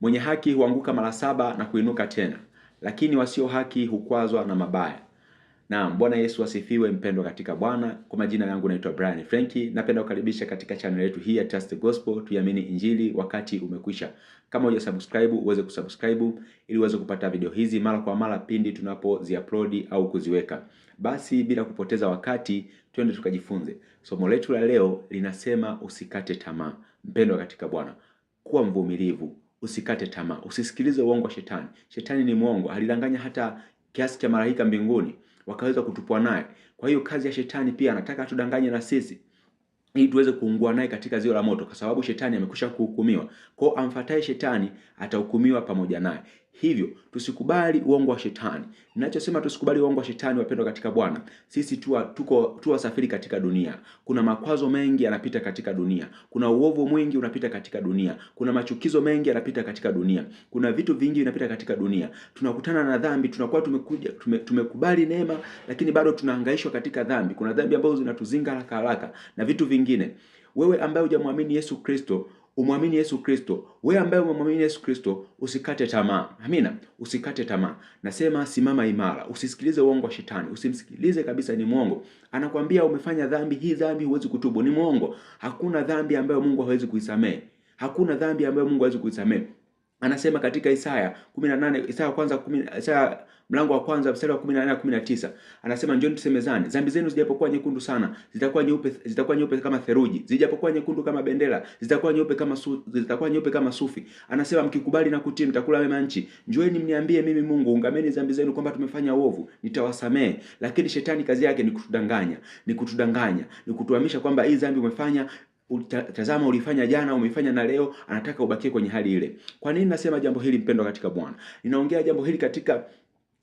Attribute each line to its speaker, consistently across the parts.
Speaker 1: Mwenye haki huanguka mara saba na kuinuka tena, lakini wasio haki hukwazwa na mabaya. Naam, Bwana Yesu asifiwe mpendwa katika Bwana. Kwa majina yangu naitwa Brian Frenki. Napenda kukaribisha katika channel yetu hii ya Trust Gospel, tuiamini injili. Wakati umekwisha. Kama uja subscribe, uweze kusubscribe ili uweze kupata video hizi mara kwa mara pindi tunapozi upload au kuziweka. Basi bila kupoteza wakati, twende tukajifunze. Somo letu la leo linasema usikate tamaa. Mpendwa katika Bwana, kuwa mvumilivu usikate tamaa, usisikilize uongo wa shetani. Shetani ni mwongo, alidanganya hata kiasi cha malaika mbinguni wakaweza kutupwa naye. Kwa hiyo kazi ya shetani pia anataka atudanganye na sisi ili tuweze kuungua naye katika ziwa la moto, kwa sababu shetani amekwisha kuhukumiwa. Kwao amfataye shetani atahukumiwa pamoja naye. Hivyo tusikubali uongo wa shetani. Ninachosema tusikubali uongo wa shetani, wapendwa katika Bwana, sisi tuwa, tuko tu wasafiri katika dunia. Kuna makwazo mengi yanapita katika dunia, kuna uovu mwingi unapita katika dunia, kuna machukizo mengi yanapita katika dunia, kuna vitu vingi vinapita katika dunia. Tunakutana na dhambi, tunakuwa tumekuja tume, tumekubali neema, lakini bado tunahangaishwa katika dhambi. Kuna dhambi ambazo zinatuzinga haraka haraka na vitu vingine. Wewe ambaye hujamwamini Yesu Kristo umwamini Yesu Kristo. Wewe ambaye umemwamini Yesu Kristo, usikate tamaa. Amina, usikate tamaa. Nasema simama imara, usisikilize uongo wa shetani, usimsikilize kabisa, ni mwongo. Anakwambia umefanya dhambi hii, dhambi huwezi kutubu, ni mwongo. Hakuna dhambi ambayo Mungu hawezi kuisamehe, hakuna dhambi ambayo Mungu hawezi kuisamehe anasema katika Isaya 18 Isaya kwanza 10 Isaya mlango wa kwanza mstari wa 18 na 19, anasema njoni tusemezane, dhambi zenu zijapokuwa nyekundu sana zitakuwa nyeupe, zitakuwa nyeupe kama theruji, zijapokuwa nyekundu kama bendera zitakuwa nyeupe kama su, zitakuwa nyeupe kama sufi. Anasema mkikubali na kutii mtakula mema nchi. Njoeni mniambie mimi Mungu, ungameni dhambi zenu kwamba tumefanya uovu, nitawasamehe. Lakini shetani kazi yake ni kutudanganya, ni kutudanganya, ni kutuhamisha kwamba hii dhambi umefanya tazama ulifanya jana, umefanya na leo, anataka ubakie kwenye hali ile. Kwa nini nasema jambo hili mpendwa katika Bwana? Ninaongea jambo hili katika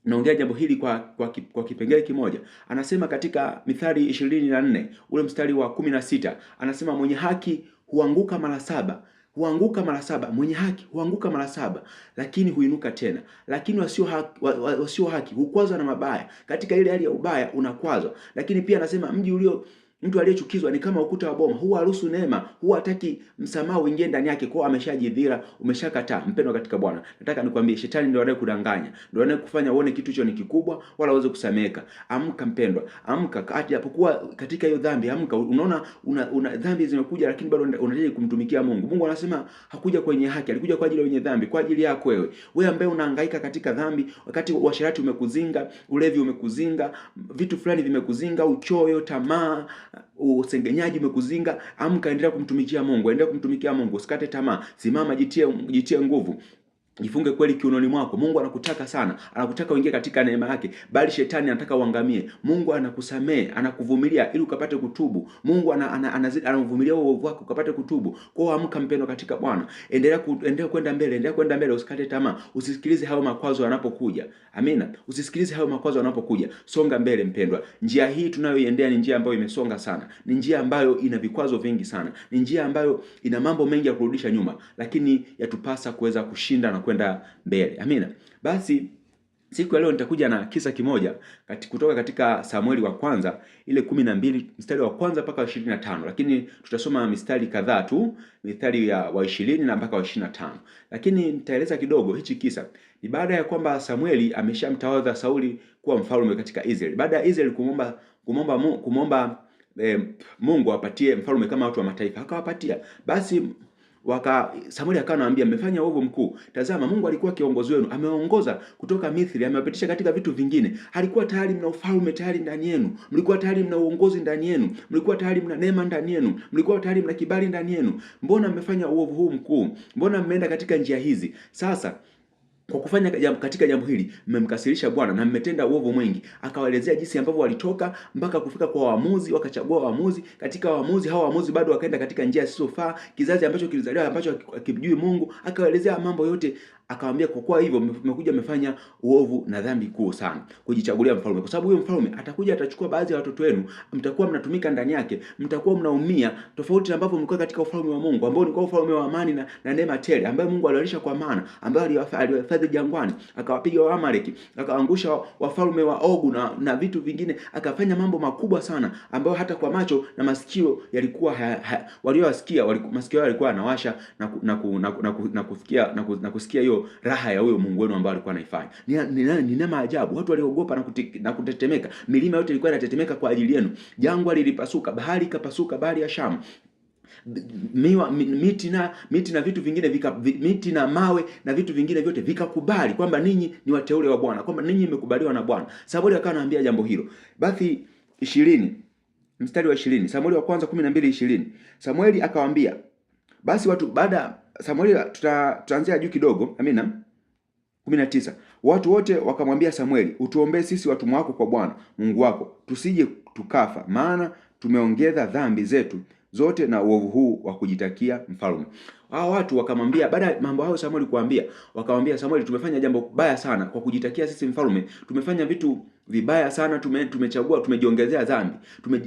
Speaker 1: naongea jambo hili kwa, kwa, kwa kipengele kimoja. Anasema katika Mithali ishirini na nne ule mstari wa kumi na sita anasema mwenye haki huanguka mara saba huanguka mara saba, mwenye haki huanguka mara saba, lakini huinuka tena. Lakini wasio haki, wasio haki hukwazwa na mabaya, katika ile hali ya ubaya unakwazwa. Lakini pia anasema mji ulio Mtu aliyechukizwa ni kama ukuta wa boma, huwa haruhusu neema, huwa hataki msamaha uingie ndani yake, kwa ameshajidhira, umeshakataa. Mpendwa katika Bwana, nataka nikwambie, shetani ndio anayekudanganya, ndio anayekufanya uone kitu hicho ni kikubwa, wala uweze kusameka. Amka mpendwa, amka, japokuwa katika hiyo dhambi, amka. Unaona una, una dhambi zimekuja, lakini bado unataka kumtumikia Mungu. Mungu anasema hakuja kwenye haki, alikuja kwa ajili ya wenye dhambi, kwa ajili yako wewe, wewe ambaye unahangaika katika dhambi, wakati uasherati umekuzinga, ulevi umekuzinga, vitu fulani vimekuzinga, uchoyo, tamaa usengenyaji umekuzinga, amka, endelea kumtumikia Mungu, endelea kumtumikia Mungu, usikate tamaa, simama, jitie, jitie nguvu. Jifunge kweli kiunoni mwako. Mungu anakutaka sana, anakutaka uingie katika neema yake, bali shetani anataka uangamie. Mungu anakusamehe, anakuvumilia ili ukapate kutubu. Mungu anavumilia ana, ana, uovu wako ukapate kutubu. Kwa hiyo amka mpendo katika Bwana, endelea ku, endelea kwenda mbele, endelea kwenda mbele, usikate tamaa, usisikilize hayo makwazo yanapokuja. Amina, usisikilize hayo makwazo yanapokuja, songa mbele mpendwa. Njia hii tunayoiendea ni njia ambayo imesonga sana, ni njia ambayo ina vikwazo vingi sana, ni njia ambayo ina mambo mengi ya kurudisha nyuma, lakini yatupasa kuweza kushinda na kwenda mbele. Amina. Basi siku ya leo nitakuja na kisa kimoja kati kutoka katika Samueli wa kwanza ile kumi na mbili mstari wa kwanza mpaka wa ishirini na tano lakini tutasoma mistari kadhaa tu mistari ya wa ishirini na mpaka wa ishirini na tano lakini nitaeleza kidogo hichi kisa ni baada ya kwamba Samueli ameshamtawadha Sauli kuwa mfalme katika Israeli baada ya Israeli kumomba, kumomba, kumomba eh, Mungu apatie mfalme kama watu wa mataifa akawapatia basi waka Samueli akawa anamwambia mmefanya uovu mkuu. Tazama, Mungu alikuwa kiongozi wenu, ameongoza kutoka Misri, amewapitisha katika vitu vingine. Alikuwa tayari mna ufalme tayari ndani yenu, mlikuwa tayari mna uongozi ndani yenu, mlikuwa tayari mna neema ndani yenu, mlikuwa tayari mna kibali ndani yenu. Mbona mmefanya uovu huu mkuu? Mbona mmeenda katika njia hizi? Sasa kwa kufanya jambo katika jambo hili mmemkasirisha Bwana na mmetenda uovu mwingi. Akawaelezea jinsi ambavyo walitoka mpaka kufika kwa waamuzi, wakachagua waamuzi. Katika waamuzi hao, waamuzi bado wakaenda katika njia zisizofaa, kizazi ambacho kilizaliwa ambacho hakimjui Mungu. Akawaelezea mambo yote akamwambia kwa kuwa hivyo mmekuja mmefanya uovu na dhambi kuu sana kujichagulia mfalme, kwa sababu huyo mfalme atakuja atachukua baadhi ya watoto wenu, mtakuwa mnatumika ndani yake, mtakuwa mnaumia, tofauti na ambavyo mlikuwa katika ufalme wa Mungu ambao ulikuwa ufalme wa amani na, na neema tele, ambaye Mungu aliwalisha kwa maana, ambaye aliwahifadhi jangwani, akawapiga Waamaleki, akaangusha wafalme wa Ogu na, na vitu vingine, akafanya mambo makubwa sana ambayo hata kwa macho na masikio yalikuwa waliowasikia, masikio yao yalikuwa yanawasha na na kusikia na kusikia hiyo raha ya huyo Mungu wenu ambao alikuwa anaifanya. Ni, ni, ni, ni maajabu. Watu waliogopa na, kutik, na kutetemeka. Milima yote ilikuwa inatetemeka kwa ajili yenu. Jangwa lilipasuka, bahari ikapasuka, bahari ya Shamu. Miwa, miti na miti na vitu vingine vika, miti na mawe na vitu vingine vyote vikakubali kwamba ninyi ni wateule wa Bwana, kwamba ninyi mmekubaliwa na Bwana. Samueli akawa anaambia jambo hilo. Basi 20 mstari wa 20, Samueli wa kwanza kumi na mbili Samueli akawaambia basi watu baada Samueli, tutaanzia juu kidogo, amina. kumi na tisa watu wote wakamwambia Samueli, utuombee sisi watumwa wako kwa Bwana Mungu wako, tusije tukafa, maana tumeongeza dhambi zetu zote na uovu huu wa kujitakia mfalme hao watu wakamwambia, baada ya mambo hayo Samuel kuambia, wakamwambia Samuel, tumefanya jambo baya sana kwa kujitakia sisi mfalme, tumefanya vitu vibaya sana, tume, tumechagua tumejiongezea dhambi,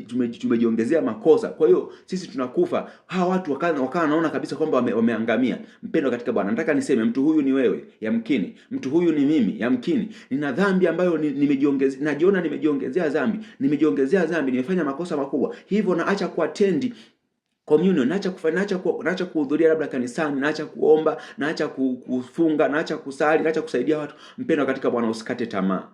Speaker 1: tumejiongezea tume, tume makosa, kwa hiyo sisi tunakufa. Hawa watu wakana wakana naona kabisa kwamba wame, wameangamia. Mpendo katika Bwana, nataka niseme mtu huyu ni wewe yamkini, mtu huyu ni mimi yamkini, nina dhambi ambayo nimejiongezea, najiona nimejiongezea dhambi, nimejiongezea dhambi, nimefanya makosa makubwa, hivyo naacha kuatendi communion, naacha kufanya, naacha ku, naacha kuhudhuria labda kanisani, naacha kuomba, naacha kufunga, naacha kusali, naacha kusaidia watu. Mpendwa katika Bwana, usikate tamaa.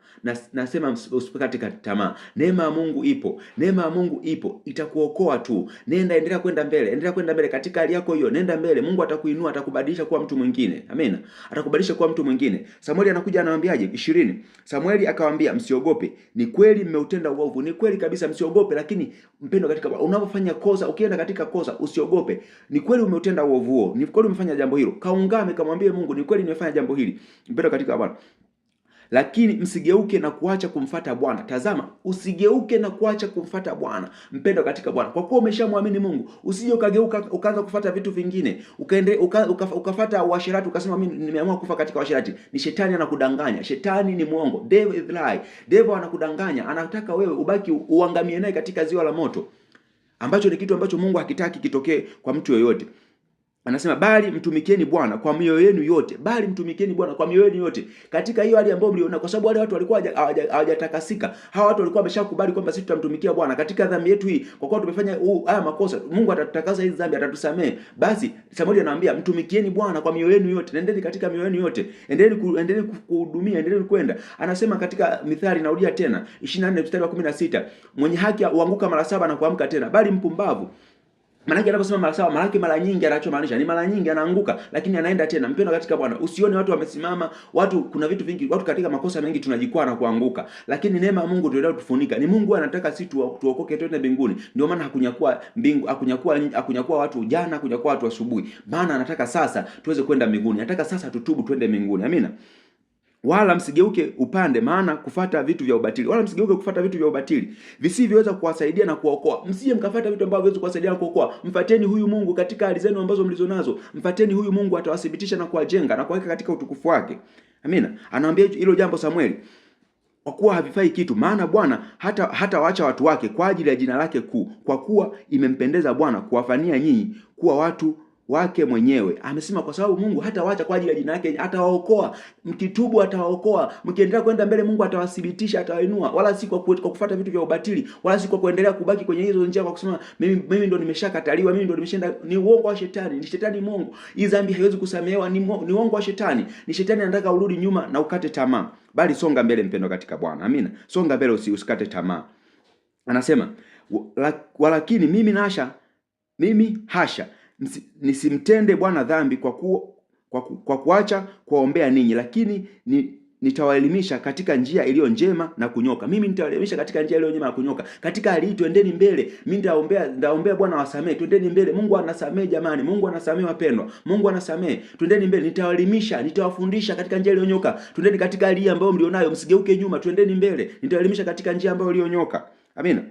Speaker 1: nasema usikate tamaa. Neema ya Mungu ipo, neema ya Mungu ipo, itakuokoa tu. Nenda, endelea kwenda mbele, endelea kwenda mbele katika hali yako hiyo, nenda mbele. Mungu atakuinua, atakubadilisha kuwa mtu mwingine. Amen, atakubadilisha kuwa mtu mwingine. Samueli anakuja anawaambiaje? 20 Samueli akawaambia, msiogope, ni kweli mmeutenda uovu. Ni kweli kabisa, msiogope. Lakini mpendwa katika unapofanya kosa, ukienda katika kosa kosa, usiogope. Ni kweli umetenda uovu huo, ni kweli umefanya jambo hilo, kaungame, kamwambie Mungu, ni kweli nimefanya jambo hili, mpendwa katika Bwana lakini msigeuke na kuacha kumfata Bwana. Tazama, usigeuke na kuacha kumfata Bwana mpendwa katika Bwana, kwa kuwa umeshamwamini Mungu. Usije ukageuka ukaanza kufata vitu vingine, ukaende uka, uka, ukafata uasherati, ukasema mimi nimeamua kufa katika uasherati. Ni shetani anakudanganya, shetani ni mwongo, devil is lie, devil anakudanganya, anataka wewe ubaki uangamie naye katika ziwa la moto ambacho ni kitu ambacho Mungu hakitaki kitokee kwa mtu yoyote anasema bali mtumikieni Bwana kwa mioyo yenu yote, bali mtumikieni Bwana kwa mioyo yenu yote, katika hiyo hali ambayo mliona, kwa sababu wale watu walikuwa hawajatakasika. Hawa watu walikuwa wameshakubali kwamba sisi tutamtumikia Bwana katika dhambi yetu hii, kwa kuwa tumefanya uh, haya makosa, Mungu atatakasa hizi dhambi, atatusamehe. Basi Samueli anamwambia mtumikieni Bwana kwa mioyo yenu yote, nendeni katika mioyo yenu yote, endeni ku, endeni kuhudumia, endeni kwenda. Anasema katika Mithali, narudia tena 24 mstari wa 16, mwenye haki huanguka mara saba na kuamka tena, bali mpumbavu Maanake anaposema mara sawa, maanake mara nyingi anachomaanisha ni mara nyingi anaanguka, lakini anaenda tena. Mpendwa katika Bwana, usione watu wamesimama, watu kuna vitu vingi, watu katika makosa mengi tunajikwaa na kuanguka, lakini neema ya Mungu ndio tufunika. Ni Mungu anataka sisi tu, tuokoke, twende mbinguni. Ndio maana hakunyakua mbingu, hakunyakua hakunyakua watu jana, hakunyakua watu asubuhi, maana anataka sasa tuweze kwenda mbinguni, anataka sasa tutubu, twende mbinguni. Amina wala msigeuke upande, maana kufata vitu vya ubatili, wala msigeuke kufata vitu vya ubatili visivyoweza kuwasaidia na kuokoa Msije mkafata vitu ambavyo viweze kuwasaidia na kuokoa. Mfateni huyu Mungu katika hali zenu ambazo mlizonazo, mfateni huyu Mungu, atawathibitisha na kuwajenga na kuwaweka katika utukufu wake. Amina, anaambia hilo jambo Samueli, kwa kuwa havifai kitu, maana Bwana hata hatawaacha watu wake kwa ajili ya jina lake kuu, kwa kuwa imempendeza Bwana kuwafania nyinyi kuwa watu wake mwenyewe. Amesema kwa sababu Mungu hatawaacha kwa ajili ya jina lake, atawaokoa. Mkitubu atawaokoa, mkiendelea kwenda mbele Mungu atawathibitisha, atawainua, wala si kwa kufuata vitu vya ubatili, wala si kwa kuendelea kubaki kwenye hizo njia kwa kusema mimi, mimi ndo nimeshakataliwa, mimi ndo nimeshaenda. Ni uongo wa shetani, ni shetani Mungu, Hii dhambi haiwezi kusamehewa, ni, ni uongo wa shetani, ni shetani anataka urudi nyuma na ukate tamaa, bali songa mbele, mpendo katika Bwana. Amina, songa mbele, usi, usikate tamaa. Anasema walakini mimi nasha mimi hasha nisimtende Bwana dhambi kwa, ku, kwa, ku, kwa kuacha kuwaombea ninyi, lakini ni, nitawaelimisha katika njia iliyo njema na kunyoka. Mimi nitawaelimisha katika njia iliyo njema na kunyoka. Katika hali hii twendeni mbele. Mimi nitaombea nitaombea Bwana wasamee. Twendeni mbele. Mungu anasamee jamani. Mungu anasamee wapendwa. Mungu anasamee. Twendeni mbele. Nitawaelimisha, nitawafundisha katika njia iliyonyoka. Twendeni katika hali hii ambayo mlionayo, msigeuke nyuma. Twendeni mbele. Nitawaelimisha katika njia ambayo iliyonyoka. Amina.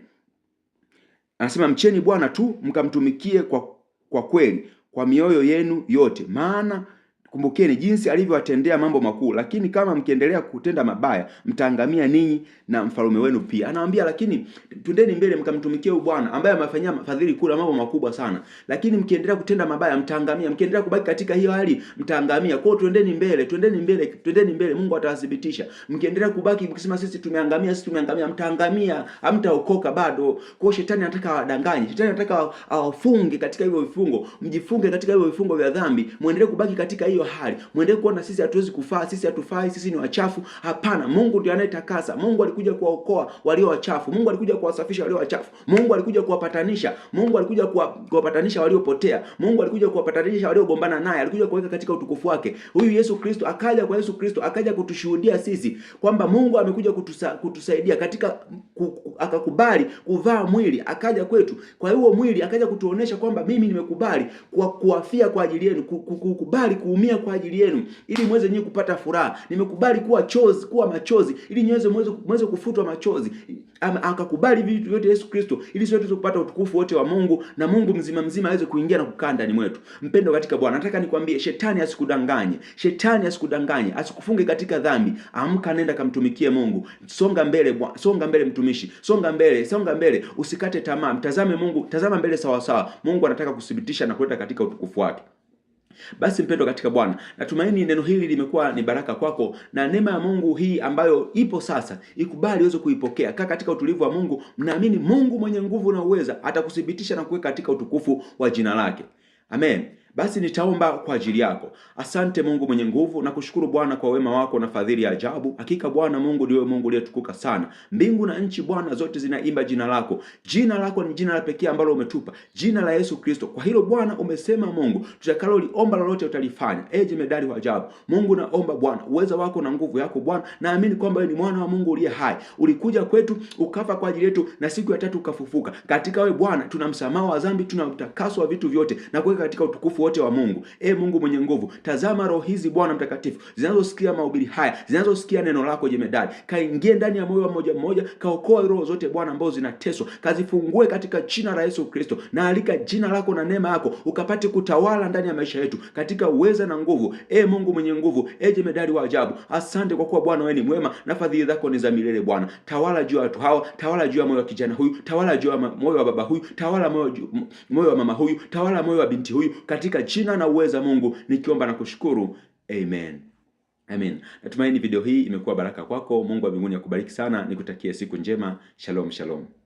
Speaker 1: Anasema mcheni Bwana tu mkamtumikie kwa kwa kweli kwa mioyo yenu yote, maana Kumbukeni jinsi alivyowatendea mambo makuu, lakini kama mkiendelea kutenda mabaya mtaangamia ninyi na mfalme wenu pia. Anawaambia, lakini twendeni mbele mkamtumikie huyu Bwana ambaye amefanyia fadhili kula mambo makubwa sana, lakini mkiendelea kutenda mabaya mtaangamia, mkiendelea kubaki katika hiyo hali mtaangamia. Kwao twendeni mbele, twendeni mbele, twendeni mbele, Mungu atawathibitisha. Mkiendelea kubaki mkisema sisi tumeangamia, sisi tumeangamia, mtaangamia, hamtaokoka bado. Kwao shetani anataka awadanganye, shetani anataka awafunge katika hivyo vifungo, mjifunge katika hivyo vifungo vya dhambi, muendelee kubaki katika hiyo hiyo hali, mwendelee kuona sisi hatuwezi kufaa, sisi hatufai, sisi ni wachafu. Hapana, Mungu ndiye anayetakasa. Mungu alikuja kuwaokoa walio wachafu, Mungu alikuja kuwasafisha walio wachafu, Mungu alikuja kuwapatanisha, Mungu alikuja kuwapatanisha waliopotea, Mungu alikuja kuwapatanisha waliogombana naye, alikuja kuweka katika utukufu wake. Huyu Yesu Kristo akaja kwa Yesu Kristo akaja kutushuhudia sisi kwamba Mungu amekuja kutusa, kutusaidia katika ku, akakubali kuvaa mwili akaja kwetu. Kwa hiyo mwili akaja kutuonesha kwamba mimi nimekubali kuwafia kwa ajili yenu, kukubali kuumia mwenyewe kwa ajili yenu, ili mweze nyinyi kupata furaha. Nimekubali kuwa chozi, kuwa machozi, ili nyeweze mweze, mweze kufutwa machozi. akakubali vitu vyote Yesu Kristo, ili sote tuweze kupata utukufu wote wa Mungu na Mungu mzima mzima aweze kuingia na kukaa ndani mwetu. Mpendo katika Bwana, nataka nikwambie, shetani asikudanganye, shetani asikudanganye, asikufunge katika dhambi. Amka, nenda kamtumikie Mungu, songa mbele bwa, songa mbele mtumishi, songa mbele, songa mbele, usikate tamaa, mtazame Mungu, tazama mbele sawa sawa. Mungu anataka kuthibitisha na kuleta katika utukufu wake. Basi mpendwa katika Bwana, natumaini neno hili limekuwa ni baraka kwako, na neema ya Mungu hii ambayo ipo sasa, ikubali uweze kuipokea. Kaa katika utulivu wa Mungu, mnaamini Mungu mwenye nguvu na uweza atakuthibitisha na kuweka katika utukufu wa jina lake. Amen basi nitaomba kwa ajili yako. Asante Mungu mwenye nguvu, na kushukuru Bwana kwa wema wako na fadhili ya ajabu. Hakika Bwana Mungu ndiwe Mungu uliyetukuka sana. Mbingu na nchi Bwana zote zinaimba jina lako. Jina lako ni jina la pekee ambalo umetupa, jina la Yesu Kristo. Kwa hilo Bwana umesema, Mungu tutakalo liomba lolote utalifanya. E jemedari wa ajabu Mungu, naomba Bwana uweza wako na nguvu yako Bwana. Naamini kwamba wewe ni mwana wa Mungu uliye hai, ulikuja kwetu ukafa kwa ajili yetu, na siku ya tatu ukafufuka. Katika wewe Bwana tuna msamaha wa dhambi, tuna utakaso wa vitu vyote na kuweka katika utukufu wote wa Mungu. E Mungu mwenye nguvu, tazama roho hizi Bwana mtakatifu zinazosikia mahubiri haya, zinazosikia neno lako jemedali, kaingie ndani ya moyo wa mmoja mmoja, kaokoa roho zote Bwana ambazo zinateswa, kazifungue katika jina la Yesu Kristo. Na alika jina lako na neema yako ukapate kutawala ndani ya maisha yetu katika uweza na nguvu. E Mungu mwenye nguvu, e jemedali wa ajabu, asante kwa kuwa Bwana wewe ni mwema na fadhili zako ni za milele. Bwana tawala juu ya watu hawa, tawala juu ya moyo wa kijana huyu, tawala juu ya moyo wa baba huyu, tawala moyo wa mama huyu, tawala moyo wa binti huyu katika katika jina na uweza Mungu nikiomba na kushukuru amen. Amen. Natumaini video hii imekuwa baraka kwako. Mungu wa mbinguni akubariki sana, nikutakie siku njema. Shalom, shalom.